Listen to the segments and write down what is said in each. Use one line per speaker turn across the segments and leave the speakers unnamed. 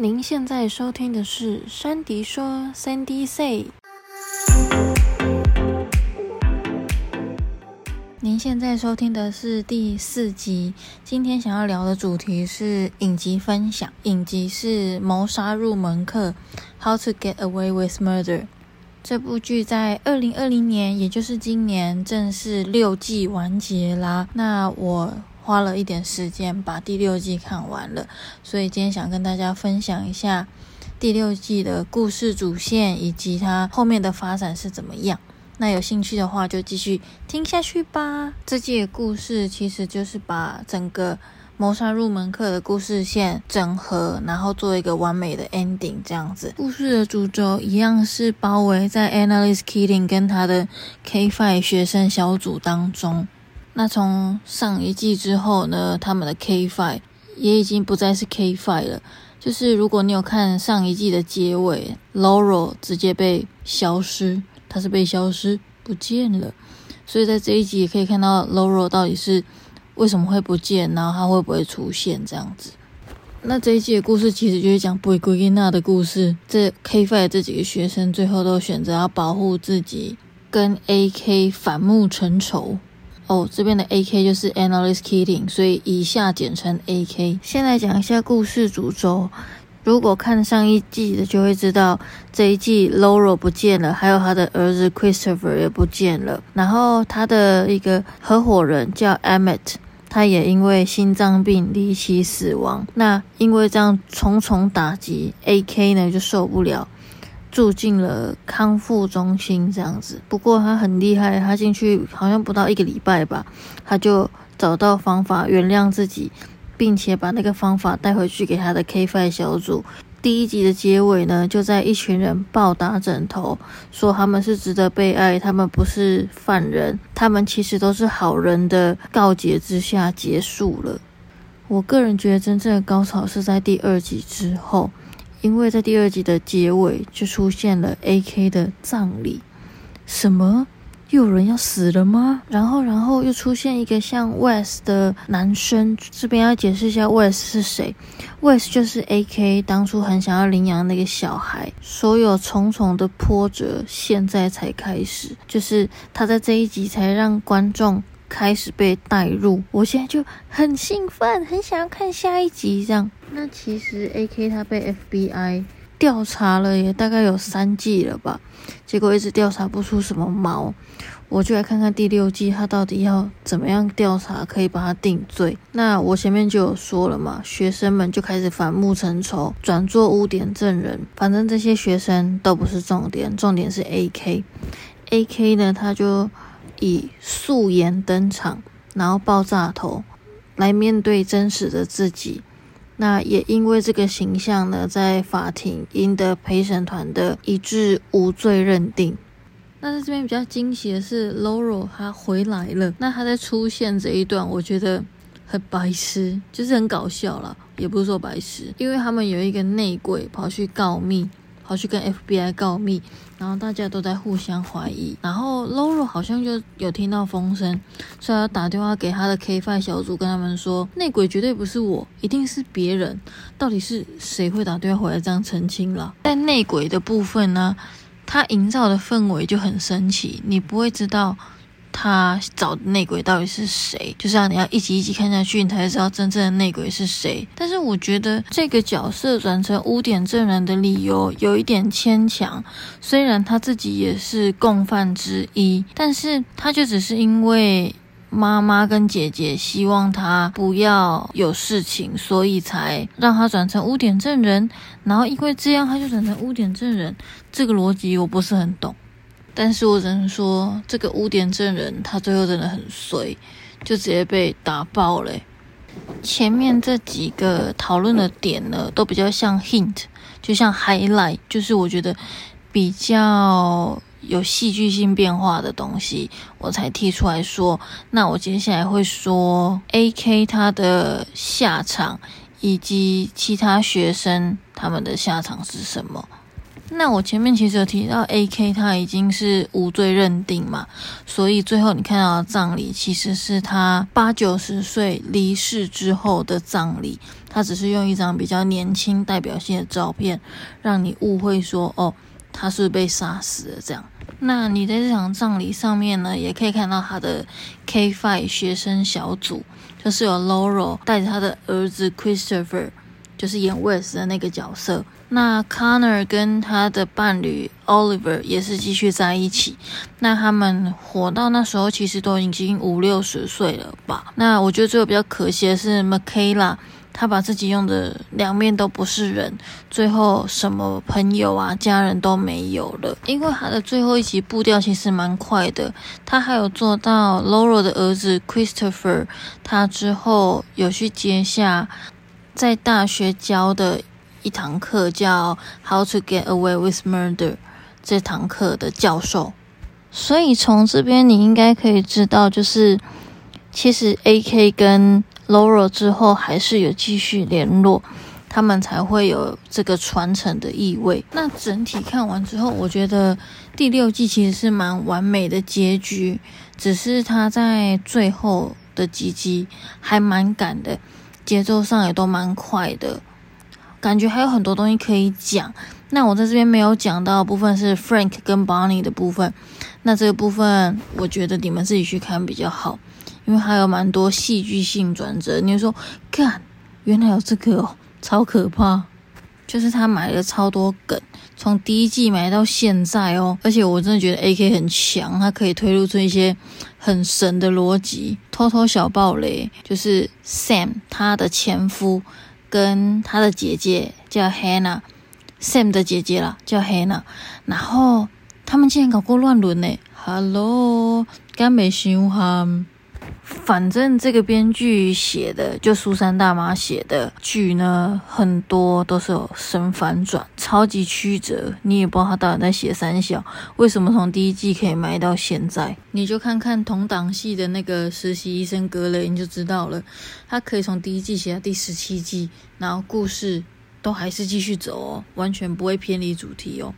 您現在收聽的是珊迪說 （Sandy Say）。您現在收聽的是第四集。今天想要聊的主題是影集分享。影集是《謀殺入門課》（How to Get Away with Murder）。這部劇在二零二零年，也就是今年，正式六季完結啦。那我，花了一點時間把第六季看完了，所以今天想跟大家分享一下第六季的故事主線以及它後面的發展是怎麼樣。那有興趣的話就繼續聽下去吧。這季的故事其實就是把整個《謀殺入門課》的故事線整合，然後做一個完美的 ending。這樣子，故事的主軸一樣是包圍在 Annalise Keating 跟他的 K Five 學生小組當中。那從上一季之後呢，他們的 K Five 也已經不再是 K Five 了，就是如果你有看上一季的結尾，Laurel 直接被消失，她是被消失不見了。所以在這一集也可以看到 Laurel 到底是為什麼會不見，啊，然後她會不會出現這樣子。那這一集的故事其實就是講 Begina 的故事。這 K Five 這幾個學生最後都選擇要保護自己，跟 AK 反目成仇。哦，這邊的 A K 就是 Annalise Keating 所以以下簡稱 A K。先來講一下故事主軸。如果看上一季的，就會知道這一季 Laurel 不見了，還有他的兒子 Christopher 也不見了，然後他的一個合夥人叫 Emmett，他也因為心臟病離奇死亡。那因為這樣重重打擊，A K 呢就受不了。住進了康復中心，這樣子。不過他很厲害，他進去好像不到一個禮拜吧，他就找到方法原諒自己，並且把那個方法帶回去給他的 K Five 小組。第一集的結尾呢，就在一群人暴打枕頭，說他們是值得被愛，他們不是犯人，他們其實都是好人的告誡之下結束了。我個人覺得真正的高潮是在第二集之後。因為在第二集的結尾就出現了 A.K. 的葬禮，什麼？又有人要死了嗎？然後，然後又出現一個像 Wes 的男生。這邊要解釋一下 Wes 是誰？Wes 就是 A.K. 當初很想要領養那個小孩，所有重重的波折現在才開始，就是他在這一集才讓觀眾。開始被帶入，我現在就很興奮，很想要看下一集。這樣，那其實 AK 他被 FBI 調查了，也大概有三季了吧，結果一直調查不出什麼毛，我就來看看第六季他到底要怎麼樣調查，可以把他定罪。那我前面就有說了嘛，學生們就開始反目成仇，轉做污點證人，反正這些學生都不是重點，重點是 AK AK 呢，他就。以素顏登場，然後爆炸頭來面對真實的自己。那也因為這個形象呢，在法庭贏得陪審團的一致無罪認定。那在這邊比較驚喜的是 Laurel 他回來了。那他在出現這一段，我覺得很白痴，就是很搞笑啦，也不是說白痴，因為他們有一個內鬼跑去告密。跑去跟 FBI 告密，然後大家都在互相懷疑，然後 Loro 好像就有聽到風聲，所以打電話給他的 K5 小組，跟他們說內鬼絕對不是我，一定是別人。到底是誰會打電話回來這樣澄清啦？在內鬼的部分呢、啊，他營造的氛圍就很神奇，你不會知道。他找的內鬼到底是誰？就是讓你要一集一集看下去，你才知道真正的內鬼是誰。但是我覺得這個角色轉成污點證人的理由有一點牽強。雖然他自己也是共犯之一，但是他就只是因為媽媽跟姐姐希望他不要有事情，所以才讓他轉成污點證人。然後因為這樣，他就轉成污點證人。這個邏輯我不是很懂。但是我只能說，這個污點證人他最後真的很衰，就直接被打爆嘞。前面這幾個討論的點呢，都比較像 hint，就像 highlight，就是我覺得比較有戲劇性變化的東西，我才提出來說。那我接下來會說 AK 他的下場，以及其他學生他們的下場是什麼。那我前面其實有提到，A.K. 他已經是無罪認定嘛，所以最後你看到的葬禮，其實是他八九十歲離世之後的葬禮。他只是用一張比較年輕、代表性的照片，讓你誤會說，哦，他是不是被殺死了這樣。那你在這場葬禮上面呢，也可以看到他的 K Five 學生小組，就是有 Laura 帶着他的兒子 Christopher，就是演 Wes 的那個角色。那 Connor 跟他的伴侶 Oliver 也是繼續在一起。那他們活到那時候，其實都已經五六十歲了吧？那我覺得最後比較可惜的是 Michaela，他把自己用的兩面都不是人，最後什麼朋友啊、家人都沒有了。因為他的最後一集步調其實蠻快的，他還有做到 Laura 的兒子 Christopher，他之後有去接下在大學教的。一堂課叫《How to Get Away with Murder》，這堂課的教授。所以從這邊你應該可以知道，就是其實 A.K. 跟 Laura 之後還是有繼續聯絡，他們才會有這個傳承的意味。那整體看完之後，我覺得第六季其實是蠻完美的結局，只是他在最後的幾集集還蠻趕的，節奏上也都蠻快的。感覺還有很多東西可以講，那我在這邊沒有講到的部分是 Frank 跟 Bonnie 的部分，那這個部分我覺得你們自己去看比較好，因為還有蠻多戲劇性轉折。你就說看，原來有這個哦，超可怕！就是他買了超多梗，從第一季買到現在哦，而且我真的覺得 AK 很強，他可以推論出一些很神的邏輯。偷偷小爆雷，就是 Sam 他的前夫。跟他的姐姐叫 Hannah，Sam 的姐姐了叫 Hannah，然後他們竟然搞過亂倫誒。哈嘍，幹沒喜歡？反正這個編劇寫的，就蘇珊大媽寫的劇呢，很多都是有神反轉，超級曲折，你也不知道他到底在寫三小，為什麼從第一季可以埋到現在？你就看看同檔戲的那個實習醫生格雷，你就知道了，他可以從第一季寫到第十七季，然後故事都還是繼續走哦，完全不會偏離主題哦。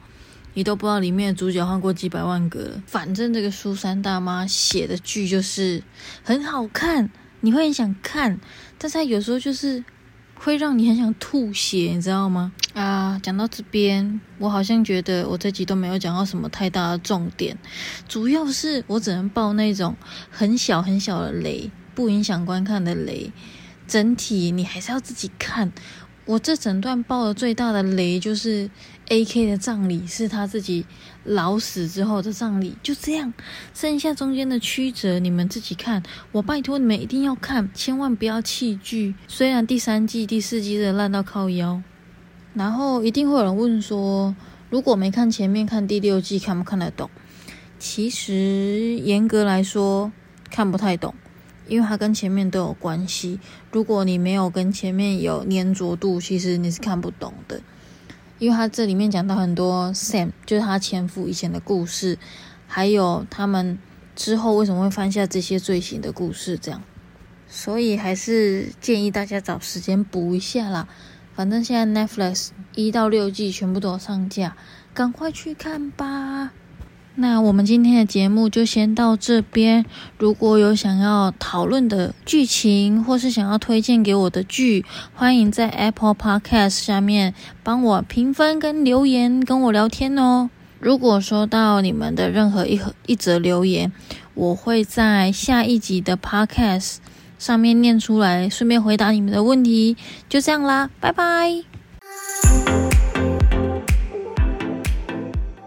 你都不知道裡面主角換過幾百萬個，反正這個蘇珊大媽寫的劇就是很好看，你會很想看，但是他有時候就是會讓你很想吐血，你知道嗎？啊，講到這邊，我好像覺得我這集都沒有講到什麼太大的重點，主要是我只能爆那種很小很小的雷，不影響觀看的雷，整體你還是要自己看。我這整段爆的最大的雷就是 AK 的葬禮，是他自己老死之後的葬禮。就這樣，剩下中間的曲折你們自己看，我拜托你們一定要看，千萬不要棄劇。雖然第三季、第四季的爛到靠腰，然後一定會有人問說，如果沒看前面，看第六季看不看得懂？其實嚴格來說，看不太懂。因為它跟前面都有關係，如果你沒有跟前面有黏着度，其實你是看不懂的。因為它這裡面講到很多 Sam，就是他前夫以前的故事，還有他們之後為什麼會犯下這些罪行的故事，這樣。所以還是建議大家找時間補一下啦。反正現在 Netflix 一到六季全部都有上架，趕快去看吧。那我們今天的節目就先到這邊。如果有想要討論的劇情，或是想要推薦給我的劇，歡迎在 Apple Podcast 下面幫我評分跟留言，跟我聊天哦。如果收到你們的任何一和一則留言，我會在下一集的 Podcast 上面念出來，順便回答你們的問題。就這樣啦，拜拜。嗯